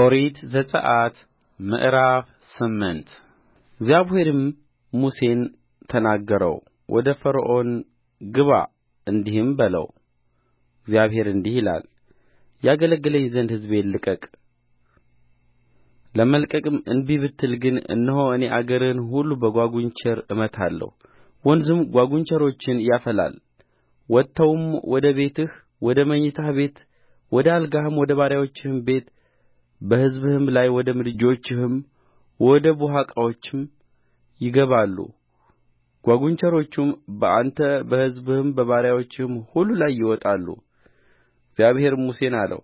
ኦሪት ዘጽአት ምዕራፍ ስምንት እግዚአብሔርም ሙሴን ተናገረው ወደ ፈርዖን ግባ እንዲህም በለው እግዚአብሔር እንዲህ ይላል ያገለግለኝ ዘንድ ሕዝቤን ልቀቅ ለመልቀቅም እንቢ ብትል ግን እነሆ እኔ አገርህን ሁሉ በጓጕንቸር እመታለሁ ወንዝም ጓጕንቸሮችን ያፈላል ወጥተውም ወደ ቤትህ ወደ መኝታህ ቤት ወደ አልጋህም ወደ ባሪያዎችህም ቤት በሕዝብህም ላይ ወደ ምድጆችህም ወደ ቡሃቃዎችም ይገባሉ ጓጕንቸሮቹም በአንተ በሕዝብህም በባሪያዎችህም ሁሉ ላይ ይወጣሉ እግዚአብሔርም ሙሴን አለው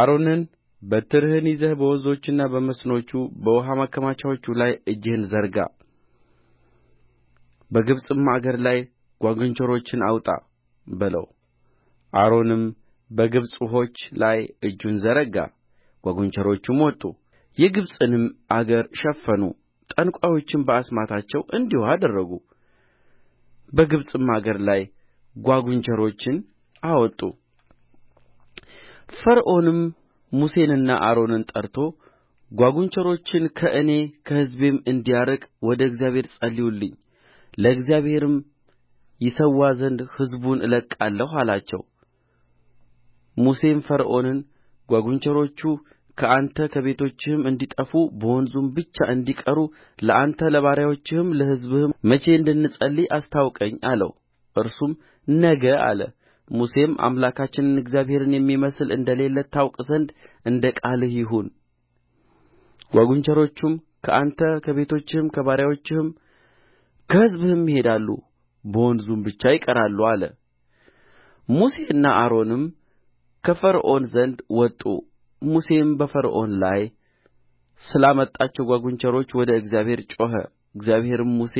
አሮንን በትርህን ይዘህ በወንዞቹና በመስኖቹ በውኃ ማከማቻዎቹ ላይ እጅህን ዘርጋ በግብፅም አገር ላይ ጓጕንቸሮችን አውጣ በለው አሮንም በግብፅ ውኆች ላይ እጁን ዘረጋ ጓጕንቸሮቹም ወጡ የግብፅንም አገር ሸፈኑ ጠንቋዮችም በአስማታቸው እንዲሁ አደረጉ በግብፅም አገር ላይ ጓጕንቸሮችን አወጡ ፈርዖንም ሙሴንና አሮንን ጠርቶ ጓጉንቸሮችን ከእኔ ከሕዝቤም እንዲያርቅ ወደ እግዚአብሔር ጸልዩልኝ ለእግዚአብሔርም ይሠዋ ዘንድ ሕዝቡን እለቅቃለሁ አላቸው ሙሴም ፈርዖንን ጓጕንቸሮቹ ከአንተ ከቤቶችህም እንዲጠፉ በወንዙም ብቻ እንዲቀሩ ለአንተ ለባሪያዎችህም ለሕዝብህም መቼ እንድንጸልይ አስታውቀኝ አለው እርሱም ነገ አለ ሙሴም አምላካችንን እግዚአብሔርን የሚመስል እንደሌለ ታውቅ ዘንድ እንደ ቃልህ ይሁን ጓጕንቸሮቹም ከአንተ ከቤቶችህም ከባሪያዎችህም ከሕዝብህም ይሄዳሉ በወንዙም ብቻ ይቀራሉ አለ ሙሴና አሮንም ከፈርዖን ዘንድ ወጡ ሙሴም በፈርዖን ላይ ስላመጣቸው ጓጕንቸሮች ወደ እግዚአብሔር ጮኸ እግዚአብሔርም ሙሴ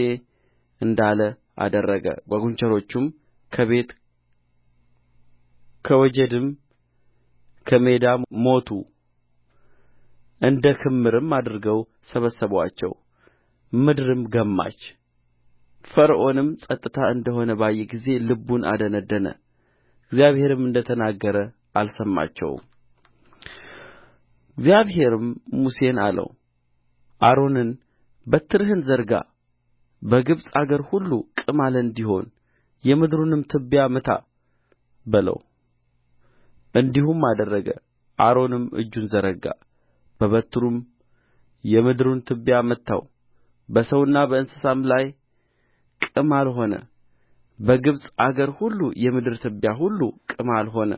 እንዳለ አደረገ ጓጕንቸሮቹም ከቤት ከወጀድም ከሜዳም ሞቱ እንደ ክምርም አድርገው ሰበሰቡአቸው ምድርም ገማች ፈርዖንም ጸጥታ እንደሆነ ባየ ጊዜ ልቡን አደነደነ እግዚአብሔርም እንደ ተናገረ አልሰማቸውም እግዚአብሔርም ሙሴን አለው አሮንን በትርህን ዘርጋ በግብፅ አገር ሁሉ ቅማል እንዲሆን የምድሩንም ትቢያ ምታ በለው እንዲሁም አደረገ አሮንም እጁን ዘረጋ በበትሩም የምድሩን ትቢያ መታው በሰውና በእንስሳም ላይ ቅማል ሆነ በግብፅ አገር ሁሉ የምድር ትቢያ ሁሉ ቅማል ሆነ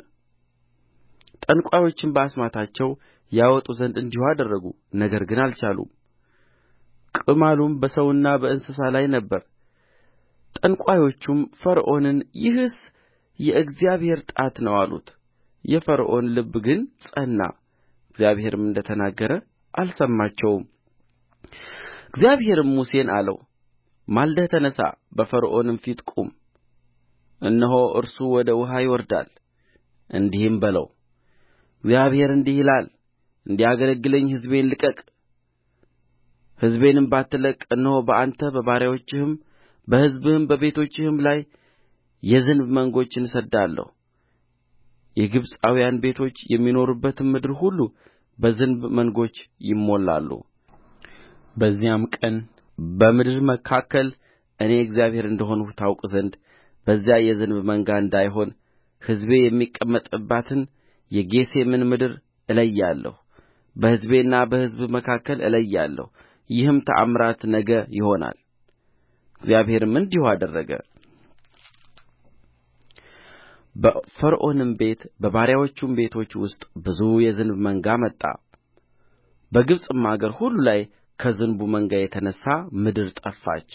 ጠንቋዮችም በአስማታቸው ያወጡ ዘንድ እንዲሁ አደረጉ ነገር ግን አልቻሉም ቅማሉም በሰውና በእንስሳ ላይ ነበረ ጠንቋዮቹም ፈርዖንን ይህስ የእግዚአብሔር ጣት ነው አሉት የፈርዖን ልብ ግን ጸና እግዚአብሔርም እንደ ተናገረ አልሰማቸውም እግዚአብሔርም ሙሴን አለው ማልደህ ተነሣ በፈርዖንም ፊት ቁም እነሆ እርሱ ወደ ውኃ ይወርዳል እንዲህም በለው እግዚአብሔር እንዲህ ይላል እንዲያገለግለኝ ሕዝቤን ልቀቅ ሕዝቤንም ባትለቅቅ እነሆ በአንተ በባሪያዎችህም በሕዝብህም በቤቶችህም ላይ የዝንብ መንጎችን እሰድዳለሁ የግብፃውያን ቤቶች የሚኖሩባትም ምድር ሁሉ በዝንብ መንጎች ይሞላሉ በዚያም ቀን በምድር መካከል እኔ እግዚአብሔር እንደ ሆንሁ ታውቅ ዘንድ በዚያ የዝንብ መንጋ እንዳይሆን ሕዝቤ የሚቀመጥባትን የጌሤምን ምድር እለያለሁ በሕዝቤና በሕዝብህ መካከል እለያለሁ ይህም ተአምራት ነገ ይሆናል እግዚአብሔርም እንዲሁ አደረገ በፈርዖንም ቤት በባሪያዎቹም ቤቶች ውስጥ ብዙ የዝንብ መንጋ መጣ በግብፅም አገር ሁሉ ላይ ከዝንቡ መንጋ የተነሣ ምድር ጠፋች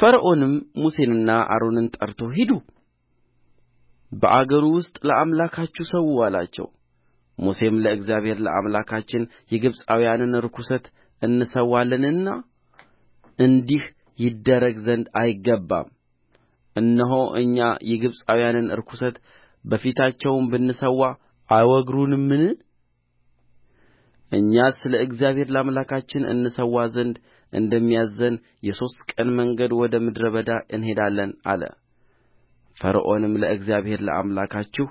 ፈርዖንም ሙሴንና አሮንን ጠርቶ ሂዱ በአገሩ ውስጥ ለአምላካችሁ ሠዉ አላቸው ሙሴም ለእግዚአብሔር ለአምላካችን የግብፃውያንን ርኵሰት እንሠዋለንና እንዲህ ይደረግ ዘንድ አይገባም እነሆ እኛ የግብፃውያንን ርኵሰት በፊታቸው ብንሠዋ አይወግሩንምን እኛስ ለእግዚአብሔር ለአምላካችን እንሠዋ ዘንድ እንደሚያዝዘን የሦስት ቀን መንገድ ወደ ምድረ በዳ እንሄዳለን አለ ፈርዖንም ለእግዚአብሔር ለአምላካችሁ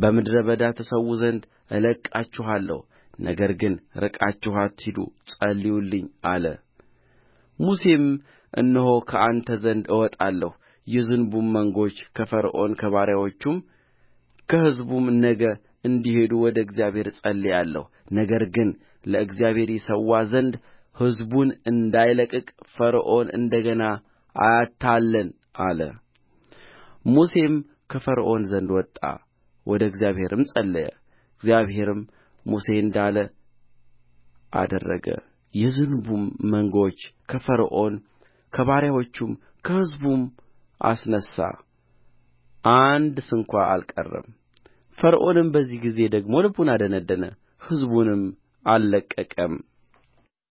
በምድረ በዳ ትሠዉ ዘንድ እለቅቃችኋለሁ ነገር ግን ርቃችሁ አትሂዱ ጸልዩልኝ አለ ሙሴም እነሆ ከአንተ ዘንድ እወጣለሁ የዝንቡም መንጎች ከፈርዖን ከባሪያዎቹም ከሕዝቡም ነገ እንዲሄዱ ወደ እግዚአብሔር እጸልያለሁ ነገር ግን ለእግዚአብሔር ይሠዋ ዘንድ ሕዝቡን እንዳይለቅቅ ፈርዖን እንደ ገና አያታልለን አለ ሙሴም ከፈርዖን ዘንድ ወጣ ወደ እግዚአብሔርም ጸለየ እግዚአብሔርም ሙሴ እንዳለ አደረገ የዝንቡም መንጎች ከፈርዖን ከባሪያዎቹም ከሕዝቡም አስነሣ አንድ ስንኳ አልቀረም ፈርዖንም በዚህ ጊዜ ደግሞ ልቡን አደነደነ ሕዝቡንም አልለቀቀም